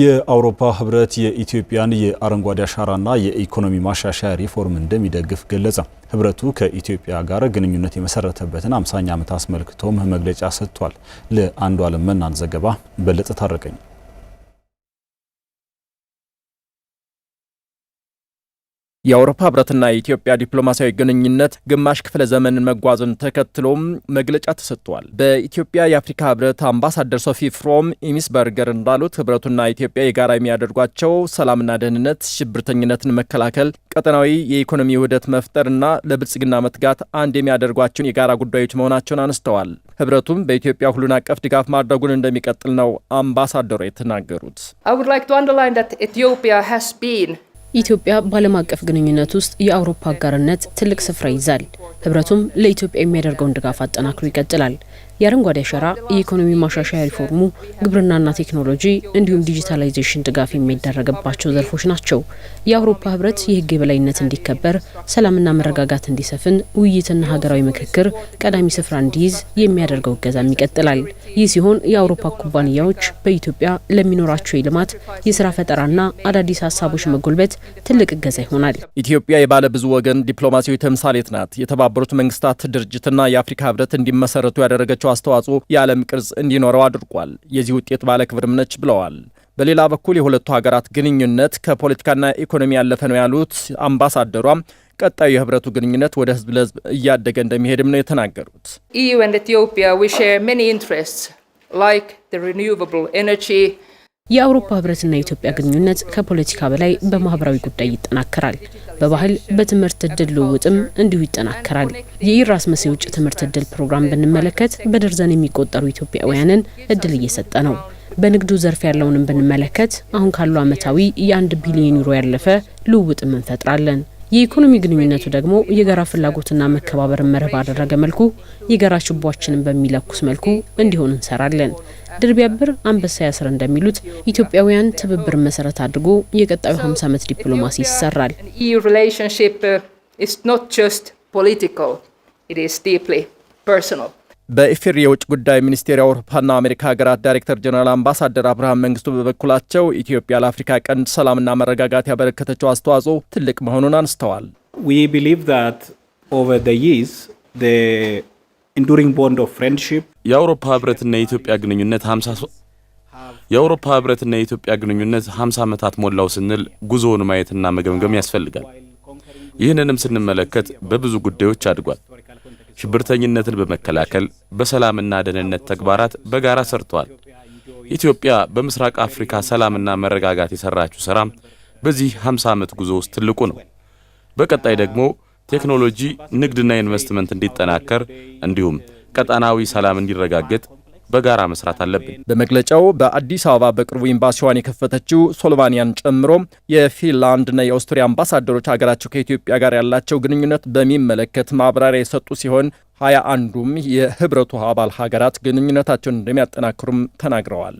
የአውሮፓ ህብረት የኢትዮጵያን የአረንጓዴ አሻራና የኢኮኖሚ ማሻሻያ ሪፎርም እንደሚደግፍ ገለጸ። ህብረቱ ከኢትዮጵያ ጋር ግንኙነት የመሰረተበትን አምሳኛ ዓመት አስመልክቶም መግለጫ ሰጥቷል። ለአንዱ ዓለም መናን ዘገባ በለጠ ታረቀኝ የአውሮፓ ህብረትና የኢትዮጵያ ዲፕሎማሲያዊ ግንኙነት ግማሽ ክፍለ ዘመንን መጓዝን ተከትሎም መግለጫ ተሰጥቷል። በኢትዮጵያ የአፍሪካ ህብረት አምባሳደር ሶፊ ፍሮም ኢሚስ በርገር እንዳሉት ህብረቱና ኢትዮጵያ የጋራ የሚያደርጓቸው ሰላምና ደህንነት፣ ሽብርተኝነትን መከላከል፣ ቀጠናዊ የኢኮኖሚ ውህደት መፍጠርና ለብልጽግና መትጋት አንድ የሚያደርጓቸውን የጋራ ጉዳዮች መሆናቸውን አነስተዋል። ህብረቱም በኢትዮጵያ ሁሉን አቀፍ ድጋፍ ማድረጉን እንደሚቀጥል ነው አምባሳደሩ የተናገሩት። ኢትዮጵያ በዓለም አቀፍ ግንኙነት ውስጥ የአውሮፓ አጋርነት ትልቅ ስፍራ ይይዛል። ህብረቱም ለኢትዮጵያ የሚያደርገውን ድጋፍ አጠናክሮ ይቀጥላል። የአረንጓዴ አሻራ የኢኮኖሚ ማሻሻያ ሪፎርሙ፣ ግብርናና ቴክኖሎጂ እንዲሁም ዲጂታላይዜሽን ድጋፍ የሚደረግባቸው ዘርፎች ናቸው። የአውሮፓ ህብረት የህግ የበላይነት እንዲከበር፣ ሰላምና መረጋጋት እንዲሰፍን፣ ውይይትና ሀገራዊ ምክክር ቀዳሚ ስፍራ እንዲይዝ የሚያደርገው እገዛም ይቀጥላል። ይህ ሲሆን የአውሮፓ ኩባንያዎች በኢትዮጵያ ለሚኖራቸው የልማት የስራ ፈጠራና አዳዲስ ሀሳቦች መጎልበት ትልቅ እገዛ ይሆናል። ኢትዮጵያ የባለ ብዙ ወገን ዲፕሎማሲያዊ ተምሳሌት ናት። የተባበሩት መንግስታት ድርጅትና የአፍሪካ ህብረት እንዲመሰረቱ ያደረገችው አስተዋጽኦ የዓለም ቅርጽ እንዲኖረው አድርጓል። የዚህ ውጤት ባለክብርም ነች ብለዋል። በሌላ በኩል የሁለቱ ሀገራት ግንኙነት ከፖለቲካና ኢኮኖሚ ያለፈ ነው ያሉት አምባሳደሯ ቀጣዩ የህብረቱ ግንኙነት ወደ ህዝብ ለህዝብ እያደገ እንደሚሄድም ነው የተናገሩት። ኢዩ ኤንድ ኢትዮጵያ ዊ ሼር ማኒ ኢንትረስትስ ላይክ ዘ ኤነርጂ የአውሮፓ ህብረትና የኢትዮጵያ ግንኙነት ከፖለቲካ በላይ በማህበራዊ ጉዳይ ይጠናከራል። በባህል በትምህርት እድል ልውውጥም እንዲሁ ይጠናከራል። የኢራስመስ የውጭ ትምህርት እድል ፕሮግራም ብንመለከት በደርዘን የሚቆጠሩ ኢትዮጵያውያንን እድል እየሰጠ ነው። በንግዱ ዘርፍ ያለውንም ብንመለከት አሁን ካሉ ዓመታዊ የአንድ ቢሊዮን ዩሮ ያለፈ ልውውጥም እንፈጥራለን። የኢኮኖሚ ግንኙነቱ ደግሞ የጋራ ፍላጎትና መከባበር መርህ ባደረገ መልኩ የጋራ ችቦችንን በሚለኩስ መልኩ እንዲሆን እንሰራለን። ድር ቢያብር አንበሳ ያስር እንደሚሉት ኢትዮጵያውያን ትብብር መሰረት አድርጎ የቀጣዩ 50 ዓመት ዲፕሎማሲ ይሰራል። ፖለቲካል ኢት ዲፕሊ ፐርሰናል በኢፌሪ የውጭ ጉዳይ ሚኒስቴር የአውሮፓና አሜሪካ ሀገራት ዳይሬክተር ጀኔራል አምባሳደር አብርሃም መንግስቱ በበኩላቸው ኢትዮጵያ ለአፍሪካ ቀንድ ሰላምና መረጋጋት ያበረከተችው አስተዋጽኦ ትልቅ መሆኑን አንስተዋል። የአውሮፓ ህብረትና የኢትዮጵያ ግንኙነት የአውሮፓ ህብረትና የኢትዮጵያ ግንኙነት 50 ዓመታት ሞላው ስንል ጉዞውን ማየትና መገምገም ያስፈልጋል። ይህንንም ስንመለከት በብዙ ጉዳዮች አድጓል። ሽብርተኝነትን በመከላከል በሰላምና ደህንነት ተግባራት በጋራ ሰርተዋል። ኢትዮጵያ በምስራቅ አፍሪካ ሰላምና መረጋጋት የሰራችው ሥራ በዚህ 50 ዓመት ጉዞ ውስጥ ትልቁ ነው። በቀጣይ ደግሞ ቴክኖሎጂ፣ ንግድና ኢንቨስትመንት እንዲጠናከር እንዲሁም ቀጣናዊ ሰላም እንዲረጋገጥ በጋራ መስራት አለብን። በመግለጫው በአዲስ አበባ በቅርቡ ኤምባሲዋን የከፈተችው ሶልቫኒያን ጨምሮ የፊንላንድና የአውስትሪያ አምባሳደሮች ሀገራቸው ከኢትዮጵያ ጋር ያላቸው ግንኙነት በሚመለከት ማብራሪያ የሰጡ ሲሆን ሀያ አንዱም የህብረቱ አባል ሀገራት ግንኙነታቸውን እንደሚያጠናክሩም ተናግረዋል።